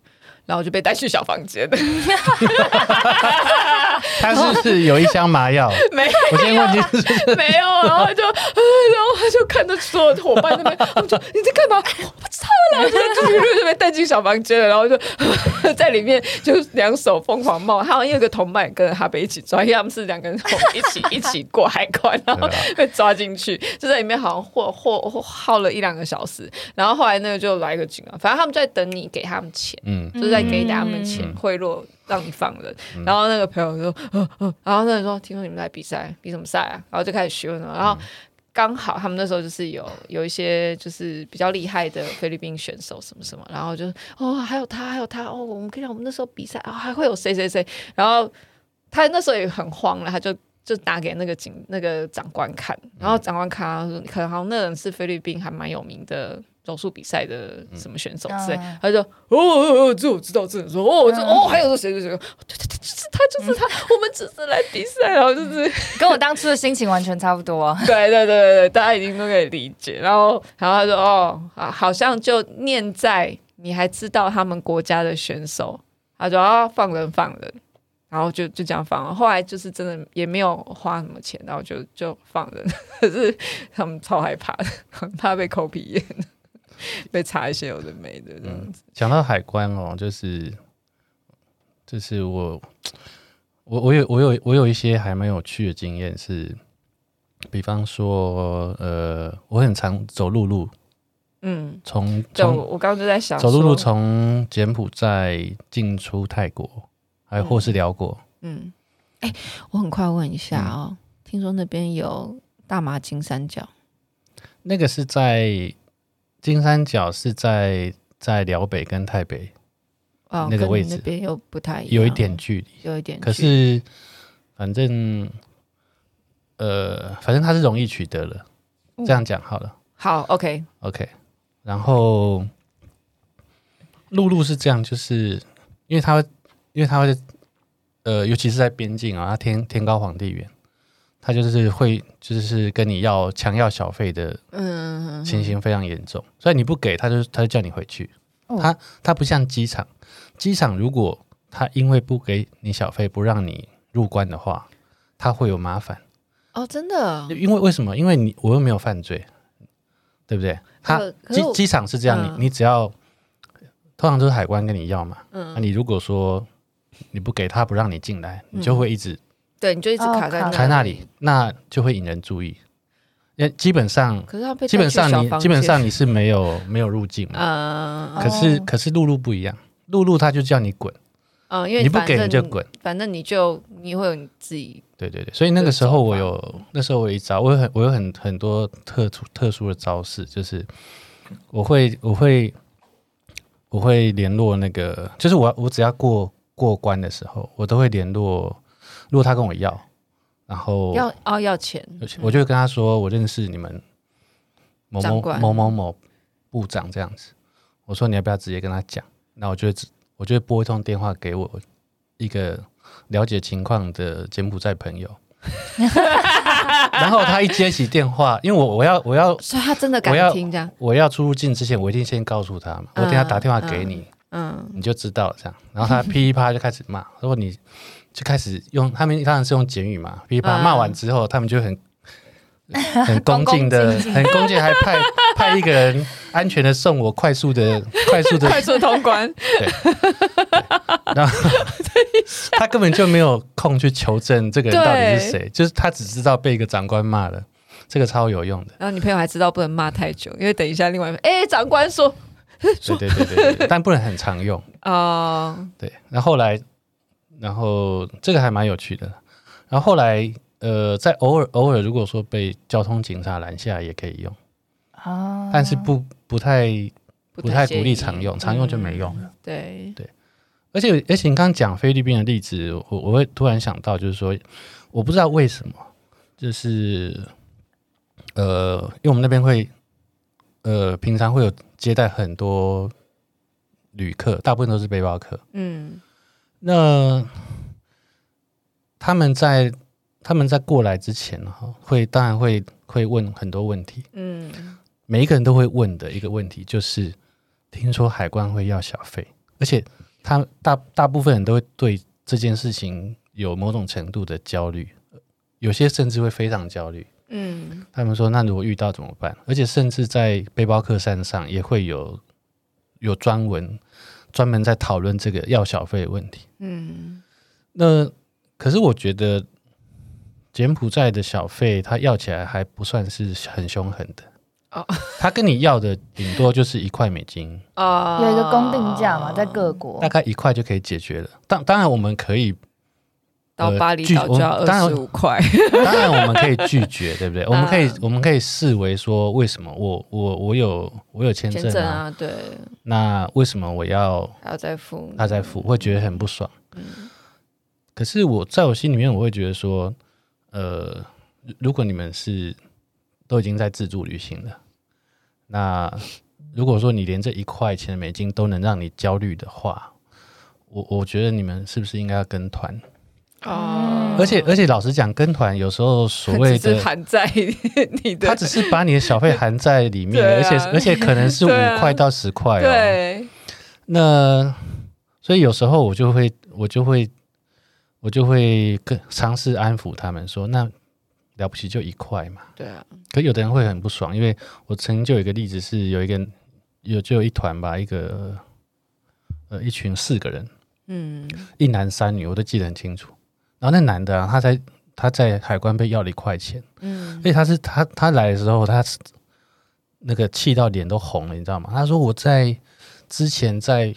然後就被帶去小房間的。 他是不是有一箱麻藥，沒有，我現在問題是， 沒有，然後就，然後他就看着所有的伙伴那邊，我說 你在幹嘛？我不知道啦，就是朱雨露就被帶進小房間了， 然後就 在裡面就兩手瘋狂冒，他好像有個同伴跟着他被一起抓，因為他們是兩個人一起一起過海關， 然後被抓進去，就在裡面好像耗耗耗了一兩個小時，然後後來那個就來個警察、啊，反正他們就在等你給他們錢，嗯，就在給、嗯、他們錢賄賂。嗯讓你放人，然後那個朋友說，嗯啊啊，然後那個人說，聽說你們在比賽，比什麼賽啊？然後就開始詢問了。然後剛好他們那時候就是有有一些就是比較厲害的菲律賓選手什麼什麼，然後就哦，還有他，還有他哦，我們可以講我們那時候比賽啊，哦，還會有誰誰誰。然後他那時候也很慌了，他就就打給那個警那個長官看，然後長官看他說，可能好像那人是菲律賓還蠻有名的。柔術比賽的什麼選手之類，嗯嗯、他就哦哦哦，這、哦哦、我知道，這人說哦這、嗯、哦，還有個誰誰誰，對對對，就是他就是他，我們只是來比賽，然後就是跟我當初的心情完全差不多。對 對對對對，大家已經都可以理解。然後然後他說哦，好像就念在你還知道他們國家的選手，他就要、啊、放人放人，然後就就這樣放了。後來就是真的也沒有花什麼錢，然後就就放人。可是他們超害怕的，他怕被扣皮眼 被查一些有的沒的嗯，這樣子講到海關哦，就是就是我我我有我有我有一些還蠻有趣的經驗是，比方說呃，我很常走陸路，路，嗯，從走，我剛剛就在想走陸路從柬埔寨進出泰國，還或是寮國，嗯，哎、嗯欸，我很快問一下哦，嗯、聽說那邊有大麻金三角，那個是在？金三角是在在寮北跟泰北，那個位置、哦、那邊又不太一樣有一點距離，有一點。可是反正呃，反正它是容易取得了，嗯、這樣講好了。好，OK，OK。Okay、okay, 然後陸路是這樣，就是因為他，因為他會,為他會呃，尤其是在邊境啊、哦，他天天高皇帝遠。他就是會，就是跟你要強要小費的，嗯，情形非常嚴重，所以你不給他就他就叫你回去。他他不像機場，機場如果他因為不給你小費不讓你入關的話，他會有麻煩。哦，真的？因為為什麼？因為你我又沒有犯罪，對不對？他機機場是這樣，你你只要通常都是海關跟你要嘛。嗯。那你如果說你不給他不讓你進來，你就會一直。對，你就一直卡在那裡卡那裡，那就會引人注意。也基本上，基本上你基本上你是沒有決沒有入境的。嗯，可是、哦、可是露露不一樣，露露他就叫你滾。嗯，因為你，你不給你就滾，反正你就你會有你自己。對對對，所以那個時候我有，有那時候我一招，我有很我有很很多特殊特殊的招式，就是我會我會我會聯絡那個，就是我我只要過過關的時候，我都會聯絡。如果他跟我要，然後要哦要錢，我就跟他說我認識你們某某某某某某部長這樣子。我說你要不要直接跟他講？那我就我就撥一通電話給我一個了解情況的柬埔寨朋友。 然後他一接起電話，因為我我要我要，我要所以他真的敢聽要聽我要出入境之前，我一定先告訴他嘛。我跟他打電話給你，嗯，嗯你就知道了這樣。然後他噼里啪啦就開始罵。如果 你就開始用他們當然是用簡語嘛，譬如把他罵完之後，他們就很很恭敬的，很恭敬還派派一個人安全的送我，快速的，快速的， 快速的通關對對。然後這樣 他根本就沒有空去求證這個人到底是誰，對 就是他只知道被一個長官罵了，這個超有用的。然後女朋友還知道不能罵太久，因為等一下另外一邊，哎、欸，長官說，說對,對對對對， 但不能很常用啊。對，那後,後來。然後這個還蠻有趣的，然後後來呃，在偶爾偶爾如果說被交通警察攔下也可以用，啊，但是不不太不太鼓勵常用，嗯、常用就沒用了。對對，而且而且你剛剛講菲律賓的例子，我我會突然想到，就是說我不知道為什麼，就是呃，因為我們那邊會呃，平常會有接待很多旅客，大部分都是背包客，嗯。那他們在他們在過來之前，哦，會當然會會問很多問題。嗯，每一個人都會問的一個問題就是，聽說海關會要小費，而且他大大部分人都會對這件事情有某種程度的焦慮，有些甚至會非常焦慮。嗯，他們說，那如果遇到怎麼辦？而且甚至在背包客山上也會有有專文。專門在討論這個要小費的問題。嗯，那可是我覺得柬埔寨的小費，他要起來還不算是很兇狠的。哦，他 跟你要的頂多就是一塊美金。哦，有一個公定價嘛，在各國大概一塊就可以解決了。當當然，我們可以。到巴厘島就要二十五塊，嗯，當，當然我們可以拒絕，對不對？ 那我們可以，我們可以視為說，為什麼我我我有我有簽證啊？證啊對，那為什麼我要還要再付？還要再付，嗯、會覺得很不爽。嗯，可是我在我心裡面，我會覺得說，呃，如果你們是都已經在自助旅行了，那如果說你連這一塊錢美金都能讓你焦慮的話，我我覺得你們是不是應該要跟團？哦，嗯、而且而且老實講，跟團有時候所謂的只是含在你的，他只是把你的小費含在裡面， 對啊，而且而且可能是五塊到十塊。哦。對，那所以有時候我就會我就會我就會跟嘗試安撫他們說，那了不起就一塊嘛。對啊，可有的人會很不爽，因為我曾經就有一個例子是有一個有就有一團吧，一個呃一群四個人，嗯，一男三女，我都記得很清楚。然後那男的啊，他在他在海關被要了一塊錢，嗯，所以他是他他來的時候他，他是那個氣到臉都紅了，你知道嗎？他說我在之前在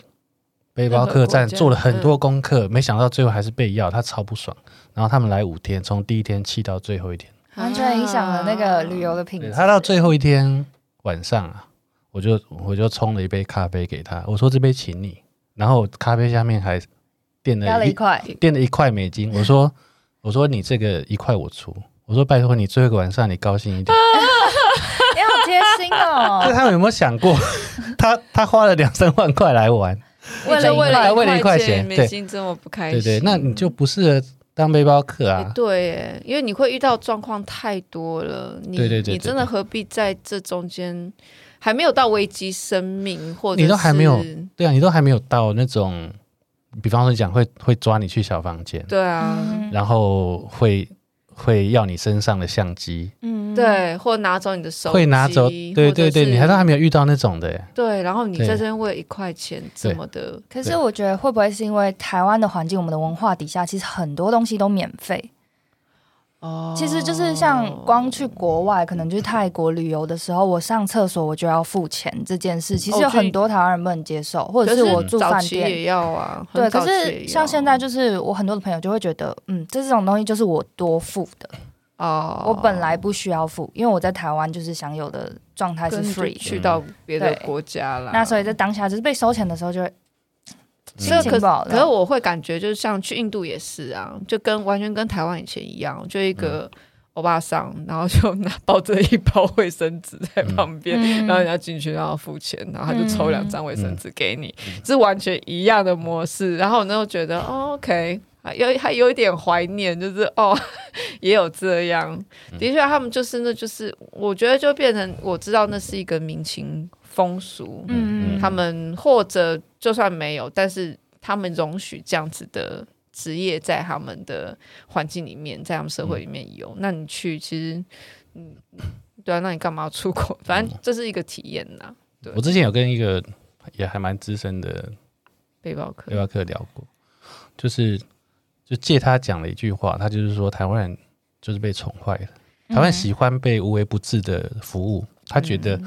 背包客棧做了很多功課，沒想到最後還是被要，他超不爽。嗯，然後他們來五天，從第一天氣到最後一天，完全影響了那個旅遊的品質。他到最後一天晚上啊，我就我就沖了一杯咖啡給他，我說這杯請你，然後咖啡下面還。墊了一塊，墊了一塊美金。我說，我說你這個一塊我出。我說，拜托你最後一個晚上你高興一點。你、啊、 好貼心哦。這他們有沒有想過，他他花了兩三萬塊來玩，為了為了為了一塊錢，對美金這麼不開心。對,對對，那你就不適合當背包客啊。對、欸，因為你會遇到狀況太多了。你對,對,對,對對對，你真的何必在這中間，還沒有到危機生命，或你都還沒有，對啊，你都還沒有到那種。比方說講，講會會抓你去小房間，對啊，然後會會要你身上的相機，嗯，對，或拿走你的手機，會拿走，對對對，是對對，你還都還沒有遇到那種的，對，然後你在這邊會有一塊錢怎麼的？可是我覺得會不會是因為台灣的環境、我們的文化底下，其實很多東西都免費。哦，其實就是像光去國外，哦、可能去泰國旅遊的時候，我上廁所我就要付錢這件事，其實有很多台灣人不能接受，或者是我住飯店也要啊。要對，可是像現在就是我很多的朋友就會覺得，嗯，這種東西就是我多付的哦，我本來不需要付，因為我在台灣就是享有的狀態是 free，去到別的國家了，那所以在當下就是被收錢的時候就會。清清這個可可是，我會感覺就是像去印度也是啊，就跟完全跟台灣以前一樣，就一個歐巴桑，然後就拿抱着一包衛生紙在旁邊，嗯、然後人家進去然後付錢，然後他就抽兩張衛生紙給你，嗯、是完全一樣的模式。然後我那時候覺得哦，OK，哦有還有一點懷念，就是哦，也有這樣。的確，他們就是那，就是我覺得就變成我知道那是一個民情風俗，嗯嗯，他們或者。就算沒有，但是他們容許這樣子的職業在他們的環境裡面，在他們社會裡面有。嗯、那你去，其實、嗯，對啊，那你幹嘛要出國？反正這是一個體驗吶。嗯、對我之前有跟一個也還蠻資深的背包客對背包客聊過，就是就借他講了一句話，他就是說台灣人就是被寵壞了，嗯、台灣人喜歡被無微不至的服務，他覺得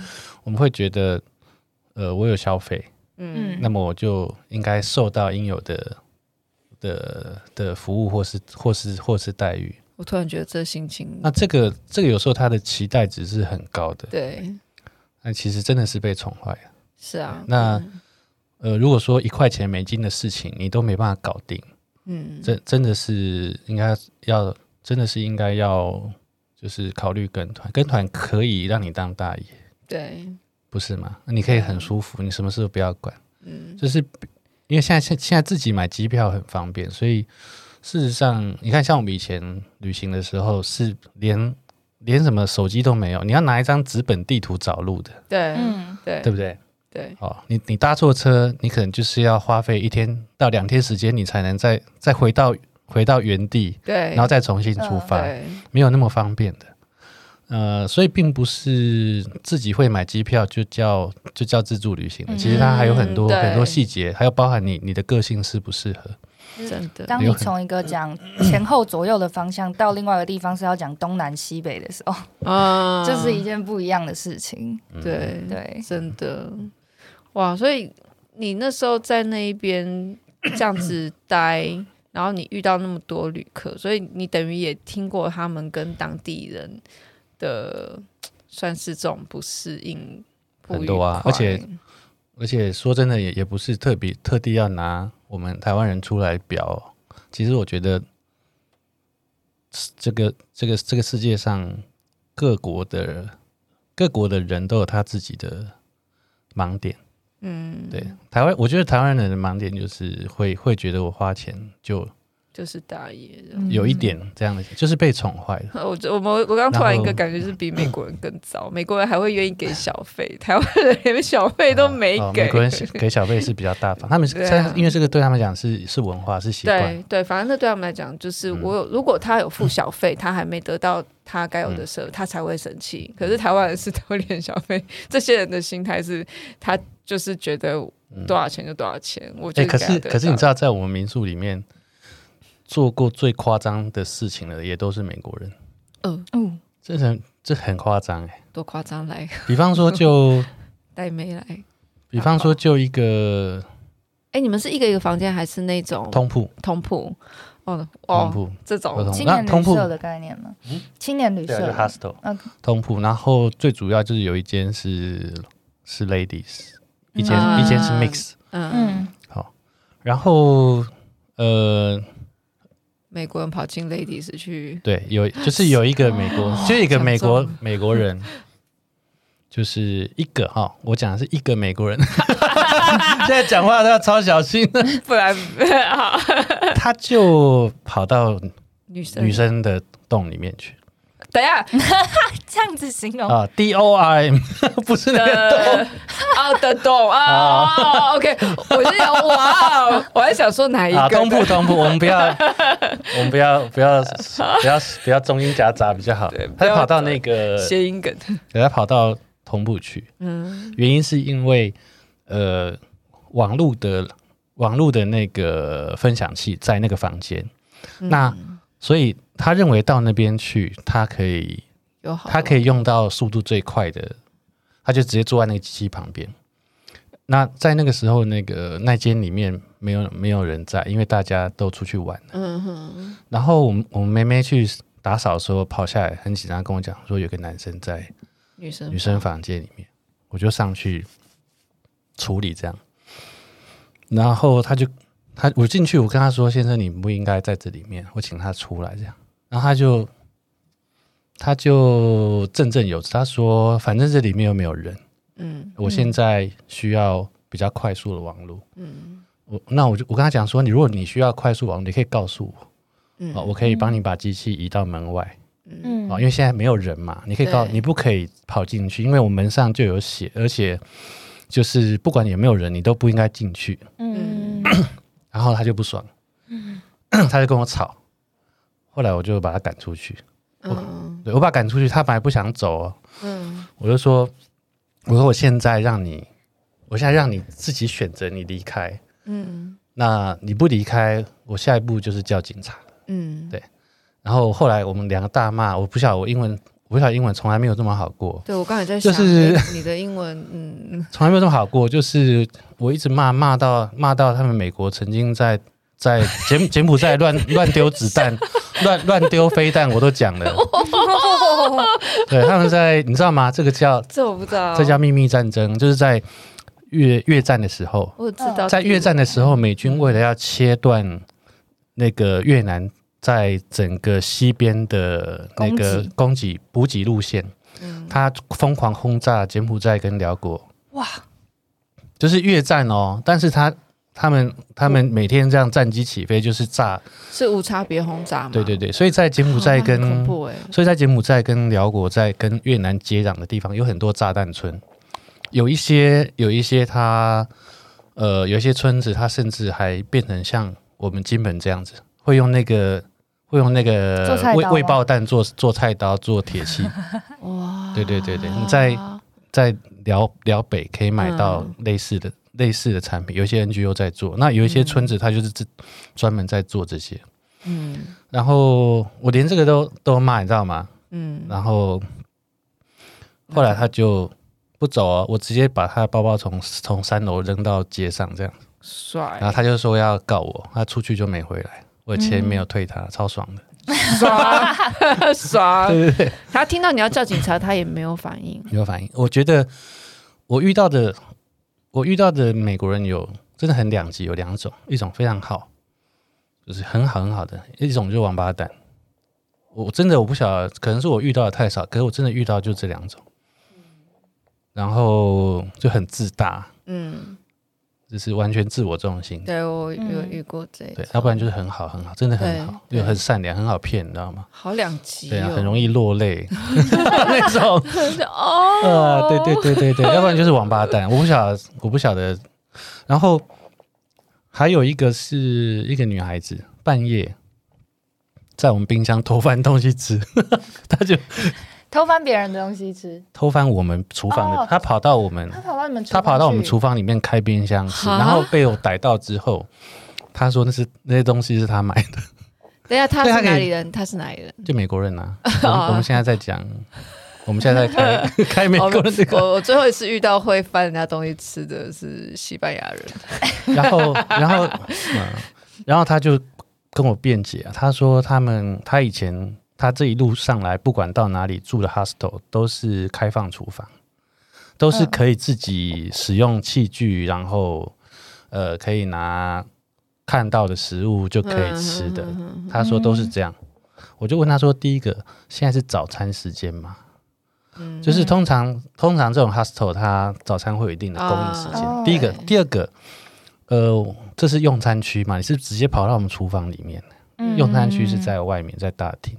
我們會覺得呃，我有消費。嗯，那麼我就應該受到應有的的的服務或，或是或是或是待遇。我突然覺得這心情，那這個這個有時候他的期待值是很高的，對，那、哎、其實真的是被寵壞了。是啊，嗯、那呃，如果說一塊錢美金的事情你都沒辦法搞定，嗯，真真的是應該要，真的是應該要，就是考慮跟團，跟團可以讓你當大爺。對。不是嗎？那你可以很舒服，嗯、你什麼事都不要管。嗯，就是因為現在現現在自己買機票很方便，所以事實上，你看像我們以前旅行的時候，是連連什麼手機都沒有，你要拿一張紙本地圖找路的。對，嗯，對，對不對？對。哦，你你搭錯車，你可能就是要花費一天到兩天時間，你才能再再回到回到原地。對，然後再重新出發，嗯、沒有那麼方便的。呃，所以並不是自己會買機票就叫就叫自助旅行，嗯、其實它還有很多很多細節，對還有包含你你的個性適不適合。真的，當你從一個講前後左右的方向到另外一個地方是要講東南西北的時候，啊、嗯， 這是一件不一樣的事情。對、嗯、對，對真的，哇！所以你那時候在那一邊這樣子待， 然後你遇到那麼多旅客，所以你等於也聽過他們跟當地人。的算是這種不適應不愉快，很多啊。而且而且說真的也，也也不是特別特地要拿我們台灣人出來表。其實我覺得、這個，這個這個這個世界上各國的各國的人都有他自己的盲點。嗯，對，台灣，我覺得台灣人的盲點就是會會覺得我花錢就。就是大爺有一點這樣的，就是被寵壞了。我我我我剛突然一個感覺是比美國人更糟，美國人還會願意給小費，台灣人連小費都沒給。美國人給小費是比較大方，他們是因為這個對他們講是是文化是習慣。對對，反正那對他們來講，就是我有如果他有付小費，他還沒得到他該有的時候，他才會生氣。可是台灣人是偷點小費，這些人的心態是，他就是覺得多少錢就多少錢。我覺得。可是可是你知道，在我們民宿裡面。做過最誇張的事情了，也都是美國人。嗯，哦，這很這很誇張哎，多誇張來？比方說，就帶妹來。比方說，就一個，哎，你們是一個一個房間，還是那種通鋪？通鋪。哦哦，這種青年旅社的概念呢？青年旅社，嗯，通鋪。然後最主要就是有一間是是 ladies，一間一間是 mix。嗯嗯，好，然後呃。美國人跑進 ladies 去，對，有就是有一個美國，哦、就一個美國中美國人，就是一個哈、哦，我講的是一個美國人， 現在講話都要超小心的， 不然， 他就跑到女生女生的洞裡面去。等一下，這樣子形容啊？D O I 不是那個啊，The door 啊？OK，我是有哇，我還想說哪一個？啊，同步同步，我們不要，我們不要不要不要不要中英夾雜比較好。他跑到那個諧音梗，對，他跑到同步去。嗯，原因是因為呃，網路的網路的那個分享器在那個房間，那。所以他認為到那邊去，他可以，他可以用到速度最快的，他就直接坐在那個機器旁邊。那在那個時候，那個，那個那間裡面沒有沒有人在，因為大家都出去玩了。嗯哼。然後我我妹妹去打掃的時候跑下來，很緊張跟我講說，有個男生在女生女生房間裡面，我就上去處理這樣，然後他就。他，我進去，我跟他說：“先生，你不應該在這裡面，我請他出來這樣。”然後他就，他就振振有詞，他說：“反正這裡面又沒有人，嗯，我現在需要比較快速的網路，嗯，我那我就我跟他講說，你如果你需要快速網路，你可以告訴我，嗯，我可以幫你把機器移到門外，嗯，因為現在沒有人嘛，你可以告訴對你不可以跑進去，因為我們門上就有寫。而且就是不管有沒有人，你都不應該進去，嗯。” 然後他就不爽，嗯、他就跟我吵，後來我就把他趕出去，哦、我，我把他趕出去，他本來不想走，哦嗯、我就說，我說我現在讓你，我現在讓你自己選擇你離開，嗯、那你不離開，我下一步就是叫警察，嗯、對，然後後來我們兩個大罵，我不曉得我英文。我不曉得英文從來沒有這麼好過。對我剛才在想，就是，你的英文，嗯，從來沒有這麼好過。就是我一直罵罵到罵到他們美國曾經在在柬柬埔寨亂亂丟子彈，亂亂丟飛彈，我都講了。 對，他們在，你知道嗎？這個叫 這我不知道，這叫祕密戰爭，就是在越越戰的時候，我知道，在越戰的時候，嗯、美軍為了要切斷那個越南。在整個西邊的那個供給補給路線，他、嗯、瘋狂轟炸柬埔寨跟寮國。哇，就是越戰哦！但是他他們他們每天這樣戰機起飛就是炸，嗯、是無差別轟炸嗎？對對對，所以在柬埔寨跟、哦、所以在柬埔寨跟寮國在跟越南接壤的地方有很多炸彈村，有一些有一些他呃有一些村子，他甚至還變成像我們金門這樣子，會用那個。會用那個未未爆彈做做菜刀、啊、做、做、菜刀做鐵器，哇！對對對對，你在在寮寮北可以買到類似的、嗯、類似的產品，有些 NGO 在做，那有一些村子他就是專、嗯、專門在做這些，嗯。然後我連這個都都賣，你知道嗎？嗯。然後後來他就不走啊，我直接把他的包包從從三樓扔到街上，這樣。帥。然後他就說要告我，他出去就沒回來。我錢沒有退，他、嗯、超爽的，爽。他聽到你要叫警察，他也沒有反應。沒有反應。我覺得我遇到的，我遇到的美國人有真的很兩極有兩種，一種非常好，就是很好很好的；一種就王八蛋。我真的我不曉得，可能是我遇到的太少，可是我真的遇到的就這兩種。然後就很自大。嗯。就是完全自我中心，對，我有遇過這樣，對嗯、要不然就是很好很好，真的很好，又對很善良，對很好騙，你知道嗎？好兩極，哦，對、啊，很容易落淚 那種。哦、呃，對對對對對，要不然就是王八蛋， 我不曉得我不曉得。然後還有一個是一個女孩子半夜在我們冰箱偷翻東西吃，她就， 偷翻別人的東西吃，偷翻我們廚房的，哦、他跑到我們，他跑到你們，他跑到我們廚房裡面開冰箱吃，哈然後被我逮到之後，他說那是那些東西是他買的。等下他是哪裡人？他是哪裡人？裡人就美國人啊！我們我們現在在講， 啊、我們現在在開， 開美國人我。我我最後一次遇到會翻人家東西吃的是西班牙人， 然後然後、嗯、然後他就跟我辯解、啊，他說他們他以前。他這一路上來，不管到哪裡住的 hostel，都是開放廚房，都是可以自己使用器具，然後呃，可以拿看到的食物就可以吃的。呵呵他說都是這樣，嗯、我就問他說，第一個現在是早餐時間嘛？嗯、就是通常通常這種 hostel，它早餐會有一定的供應時間。哦、第一個，第二個，呃，這是用餐區嘛？你是，是直接跑到我們廚房裡面、嗯、用餐區是在外面，在大廳。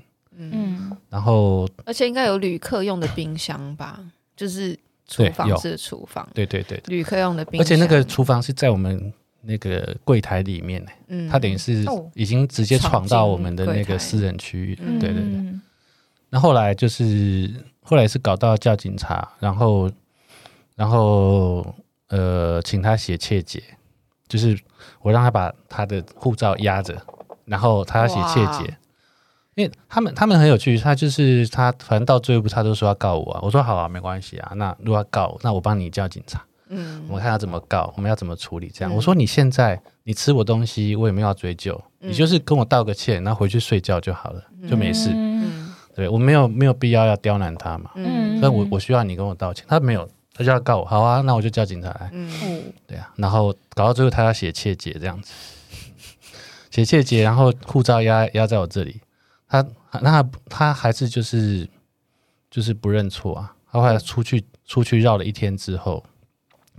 然後，而且應該有旅客用的冰箱吧，嗯、就是廚房是廚房。對，對對對，旅客用的冰箱。而且那個廚房是在我們那個櫃檯裡面，嗯，它等於是已經直接闖到我們的那個私人區域。嗯、對對對。那後來就是後來是搞到叫警察，然後然後呃，請他寫切結，就是我讓他把他的護照壓着，然後他要寫切結哇。切結因為他們他們很有趣，他就是他，反正到最後他都說要告我啊。我說好啊，沒關係啊。那如果要告我，那我幫你叫警察。嗯，我看他怎麼告，我們要怎麼處理。這樣、嗯、我說你現在你吃我東西，我也沒有要追究，嗯、你就是跟我道個歉，然後回去睡覺就好了，嗯、就沒事。對，我沒有沒有必要要刁難他嘛。嗯，那我我需要你跟我道歉。嗯、他沒有，他就要告我。好啊，那我就叫警察來。嗯，對啊。然後搞到最後，他要寫切結這樣子，寫切結，然後護照壓壓在我這裡。他那他還是就是就是不認錯啊！他後來出去出去繞了一天之後，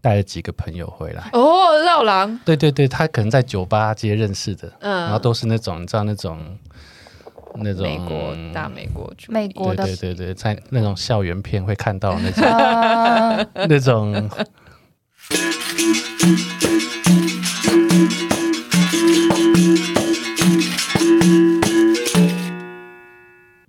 帶了幾個朋友回來。哦，烙人。對對對，他可能在酒吧街認識的，嗯、呃，然後都是那種你知道那種那種美國大美國美國的對對對，在那種校園片會看到那種、嗯、那種。 嗯